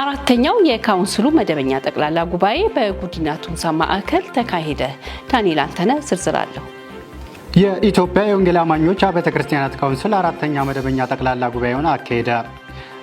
አራተኛው የካውንስሉ መደበኛ ጠቅላላ ጉባኤ በጉዲና ቱምሳ ማዕከል ተካሄደ። ዳንኤል አንተነ ዝርዝር አለው። የኢትዮጵያ የወንጌል አማኞች አብያተ ክርስቲያናት ካውንስል አራተኛ መደበኛ ጠቅላላ ጉባኤውን አካሄደ።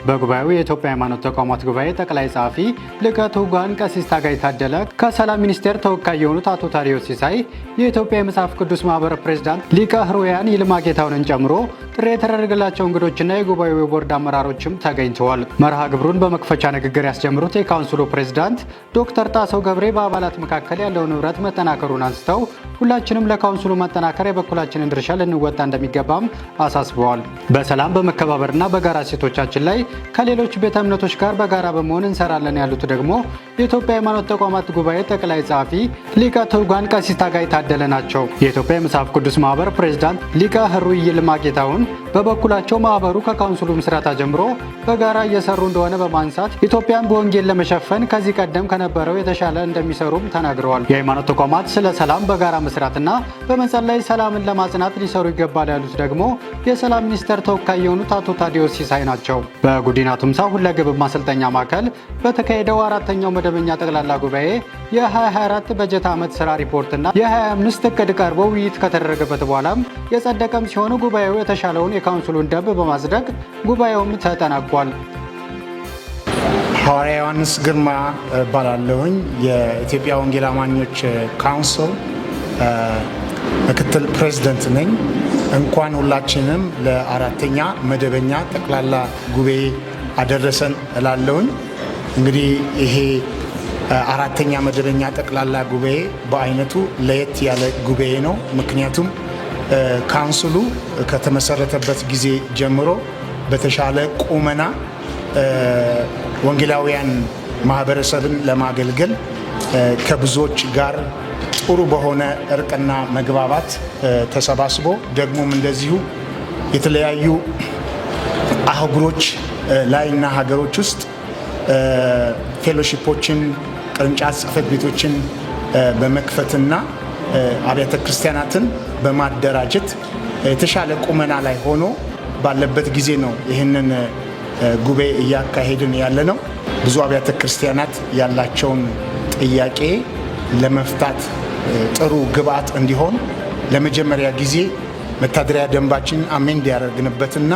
በጉባኤው የኢትዮጵያ ሃይማኖት ተቋማት ጉባኤ ጠቅላይ ጸሐፊ ሊቀ ትጉሃን ቀሲስ ታጋይ ታደለ፣ ከሰላም ሚኒስቴር ተወካይ የሆኑት አቶ ታዲዮስ ሲሳይ፣ የኢትዮጵያ የመጽሐፍ ቅዱስ ማህበር ፕሬዝዳንት ሊቀ ሕሩያን ይልማ ጌታውንን ጨምሮ ጥሪ የተደረገላቸው እንግዶችና የጉባኤው የቦርድ አመራሮችም ተገኝተዋል። መርሃ ግብሩን በመክፈቻ ንግግር ያስጀምሩት የካውንስሉ ፕሬዝዳንት ዶክተር ጣሰው ገብሬ በአባላት መካከል ያለውን ህብረት መጠናከሩን አንስተው ሁላችንም ለካውንስሉ መጠናከር የበኩላችንን ድርሻ ልንወጣ እንደሚገባም አሳስበዋል። በሰላም በመከባበርና በጋራ ሴቶቻችን ላይ ከሌሎች ቤተ እምነቶች ጋር በጋራ በመሆን እንሰራለን ያሉት ደግሞ የኢትዮጵያ ሃይማኖት ተቋማት ጉባኤ ጠቅላይ ጸሐፊ ሊቀ ትጉሃን ቀሲስ ታጋይ ታደለ ናቸው። የኢትዮጵያ የመጽሐፍ ቅዱስ ማህበር ፕሬዝዳንት ሊቀ ህሩይ ይልማ ጌታሁን በበኩላቸው ማህበሩ ከካውንስሉ ምስረታ ጀምሮ በጋራ እየሰሩ እንደሆነ በማንሳት ኢትዮጵያን በወንጌል ለመሸፈን ከዚህ ቀደም ከነበረው የተሻለ እንደሚሰሩም ተናግረዋል። የሃይማኖት ተቋማት ስለ ሰላም በጋራ መስራትና በመጸለይ ሰላምን ለማጽናት ሊሰሩ ይገባል ያሉት ደግሞ የሰላም ሚኒስቴር ተወካይ የሆኑት አቶ ታዲዮስ ሲሳይ ናቸው። በጉዲና ቱምሳ ሁለገብ ማሰልጠኛ ማዕከል በተካሄደው አራተኛው መደበኛ ጠቅላላ ጉባኤ የ2024 በጀት ዓመት ስራ ሪፖርትና የ25 እቅድ ቀርቦ ውይይት ከተደረገበት በኋላም የጸደቀም ሲሆን ጉባኤው የተሻለውን የካውንስሉን ደንብ በማጽደቅ ጉባኤውም ተጠናቋል። ሐዋርያ ዮሐንስ ግርማ እባላለሁኝ። የኢትዮጵያ ወንጌል አማኞች ካውንስል ምክትል ፕሬዚደንት ነኝ። እንኳን ሁላችንም ለአራተኛ መደበኛ ጠቅላላ ጉባኤ አደረሰን እላለሁኝ። እንግዲህ ይሄ አራተኛ መደበኛ ጠቅላላ ጉባኤ በአይነቱ ለየት ያለ ጉባኤ ነው። ምክንያቱም ካውንስሉ ከተመሰረተበት ጊዜ ጀምሮ በተሻለ ቁመና ወንጌላውያን ማህበረሰብን ለማገልገል ከብዙዎች ጋር ጥሩ በሆነ እርቅና መግባባት ተሰባስቦ ደግሞም እንደዚሁ የተለያዩ አህጉሮች ላይና ሀገሮች ውስጥ ፌሎሺፖችን፣ ቅርንጫፍ ጽሕፈት ቤቶችን በመክፈትና አብያተ ክርስቲያናትን በማደራጀት የተሻለ ቁመና ላይ ሆኖ ባለበት ጊዜ ነው ይህንን ጉባኤ እያካሄድን ያለ ነው። ብዙ አብያተ ክርስቲያናት ያላቸውን ጥያቄ ለመፍታት ጥሩ ግብዓት እንዲሆን ለመጀመሪያ ጊዜ መታደሪያ ደንባችን አሜንድ ያደረግንበትና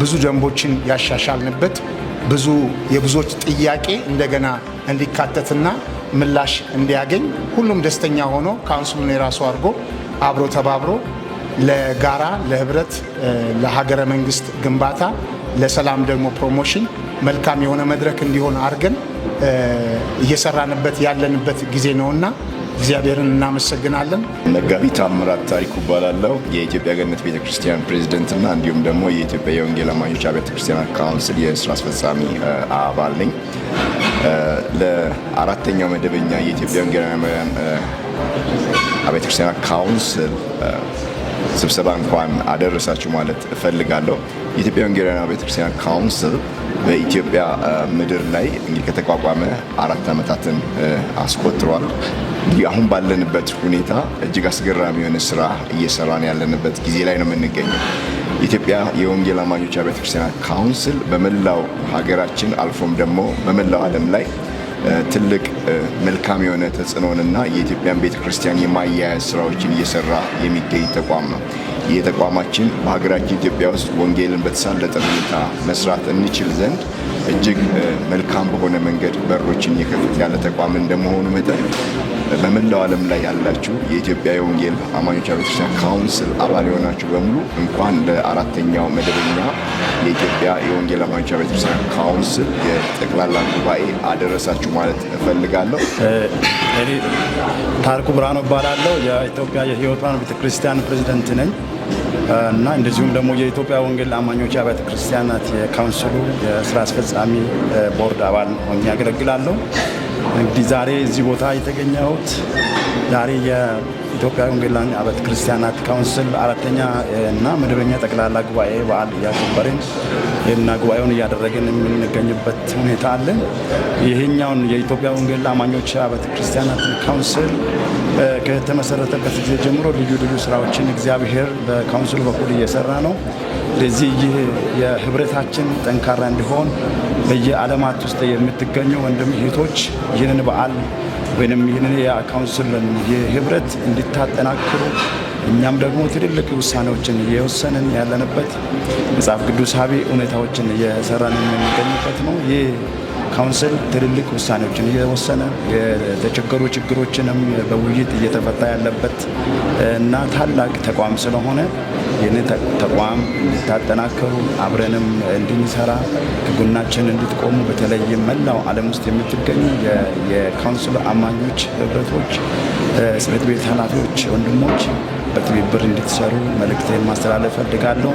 ብዙ ደንቦችን ያሻሻልንበት ብዙ የብዙዎች ጥያቄ እንደገና እንዲካተትና ምላሽ እንዲያገኝ ሁሉም ደስተኛ ሆኖ ካውንስሉን የራሱ አድርጎ አብሮ ተባብሮ ለጋራ ለህብረት፣ ለሀገረ መንግስት ግንባታ፣ ለሰላም ደግሞ ፕሮሞሽን መልካም የሆነ መድረክ እንዲሆን አድርገን እየሰራንበት ያለንበት ጊዜ ነውና እግዚአብሔርን እናመሰግናለን። መጋቢ ታምራት ታሪኩ እባላለሁ። የኢትዮጵያ ገነት ቤተክርስቲያን ፕሬዚደንትና እንዲሁም ደግሞ የኢትዮጵያ የወንጌል አማኞች አብያተ ክርስቲያናት ካውንስል የስራ አስፈጻሚ አባል ነኝ። ለአራተኛው መደበኛ የኢትዮጵያ ወንጌላውያን አብያተ ክርስቲያናት ካውንስል ስብሰባ እንኳን አደረሳችሁ ማለት እፈልጋለሁ። የኢትዮጵያ ወንጌላውያን አብያተ ክርስቲያናት ካውንስል በኢትዮጵያ ምድር ላይ እንግዲህ ከተቋቋመ አራት ዓመታትን አስቆጥሯል። እንግዲህ አሁን ባለንበት ሁኔታ እጅግ አስገራሚ የሆነ ስራ እየሰራን ያለንበት ጊዜ ላይ ነው የምንገኘው። ኢትዮጵያ የወንጌል አማኞች አብያተ ክርስቲያናት ካውንስል በመላው ሀገራችን አልፎም ደግሞ በመላው ዓለም ላይ ትልቅ መልካም የሆነ ተጽዕኖንና የኢትዮጵያን ቤተ ክርስቲያን የማያያዝ ስራዎችን እየሰራ የሚገኝ ተቋም ነው። ይህ ተቋማችን በሀገራችን ኢትዮጵያ ውስጥ ወንጌልን በተሳለጠ ሁኔታ መስራት እንችል ዘንድ እጅግ መልካም በሆነ መንገድ በሮችን የከፈተ ያለ ተቋም እንደመሆኑ መጠን በመላው ዓለም ላይ ያላችሁ የኢትዮጵያ የወንጌል አማኞች ቤተክርስቲያን ካውንስል አባል የሆናችሁ በሙሉ እንኳን ለአራተኛው መደበኛ የኢትዮጵያ የወንጌል አማኞች ቤተክርስቲያን ካውንስል የጠቅላላ ጉባኤ አደረሳችሁ ማለት እፈልጋለሁ። እኔ ታሪኩ ብርሃኑ እባላለሁ። የኢትዮጵያ የሕይወት ብርሃን ቤተክርስቲያን ፕሬዚደንት ነኝ እና እንደዚሁም ደግሞ የኢትዮጵያ ወንጌል አማኞች አብያተ ክርስቲያናት የካውንስሉ የስራ አስፈጻሚ ቦርድ አባል ሆኜ ያገለግላለሁ። እንግዲህ ዛሬ እዚህ ቦታ የተገኘሁት ዛሬ የኢትዮጵያ ወንጌላውያን አብያተ ክርስቲያናት ካውንስል አራተኛ እና መደበኛ ጠቅላላ ጉባኤ በዓል እያከበርን እና ጉባኤውን እያደረግን የምንገኝበት ሁኔታ አለ። ይህኛውን የኢትዮጵያ ወንጌል አማኞች አብያተ ክርስቲያናት ካውንስል ከተመሰረተበት ጊዜ ጀምሮ ልዩ ልዩ ስራዎችን እግዚአብሔር በካውንስሉ በኩል እየሰራ ነው። ለዚህ ይህ የህብረታችን ጠንካራ እንዲሆን በየዓለማት ውስጥ የምትገኙ ወንድም እህቶች ይህንን በዓል ወይም ይህንን የካውንስልን የህብረት እንዲታጠናክሩ እኛም ደግሞ ትልልቅ ውሳኔዎችን የወሰንን ያለንበት መጽሐፍ ቅዱሳዊ እውነታዎችን እየሰራን የምንገኝበት ነው። ካውንስል ትልልቅ ውሳኔዎችን እየወሰነ የተቸገሩ ችግሮችንም በውይይት እየተፈታ ያለበት እና ታላቅ ተቋም ስለሆነ ይህን ተቋም እንድታጠናከሩ አብረንም እንድንሰራ ከጎናችን እንድትቆሙ በተለይም መላው ዓለም ውስጥ የምትገኙ የካውንስሉ አማኞች ህብረቶች፣ ጽሕፈት ቤት ኃላፊዎች፣ ወንድሞች በትብብር እንድትሰሩ መልእክቴን ማስተላለፍ ፈልጋለሁ።